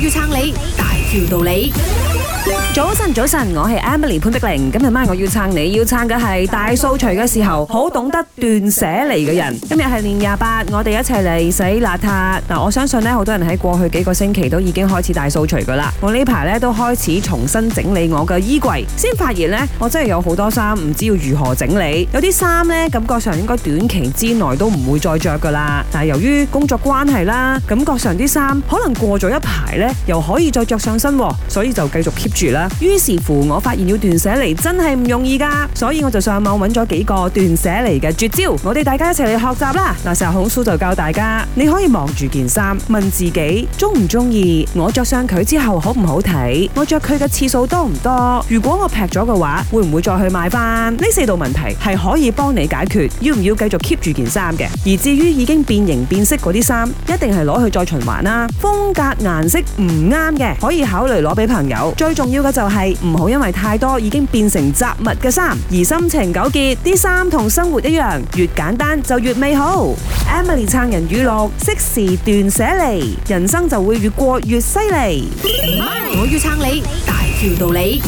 要撐你大條道理，早晨早晨，我係 Emily 潘碧玲。今日晚我要撐你，要撐嘅係大掃除嘅時候，好懂得斷捨離嘅人。今日係年廿八，我哋一齊嚟洗邋遢。嗱、啊，我相信呢，好多人喺過去幾個星期都已經開始大掃除噶啦。我呢排呢都開始重新整理我嘅衣櫃，先發現呢，我真係有好多衫唔知要如何整理。有啲衫呢感覺上應該短期之內都唔會再着噶啦。但係由於工作關係啦，感覺上啲衫可能過咗一排呢。又可以再着上身，所以就繼續 keep 住啦。於是乎，我發現要斷捨離真係唔容易噶，所以我就上網揾咗幾個斷捨離嘅絕招，我哋大家一齊嚟學習啦。嗱，時候紅叔就教大家，你可以望住件衫，問自己中唔中意，我着上佢之後好唔好睇，我着佢嘅次數多唔多，如果我劈咗嘅話，會唔會再去買翻？呢四道問題係可以幫你解決，要唔要繼續 keep 住件衫嘅？而至於已經變形變色嗰啲衫，一定係攞去再循環啦。風格、顏色。唔啱嘅，可以考慮攞俾朋友。最重要嘅就係唔好因為太多已經變成雜物嘅衫而心情糾結。啲衫同生活一樣，越簡單就越美好。 Emily 撐人語錄，適時斷捨離，人生就會越過越犀利。 我要撐你，大條道理。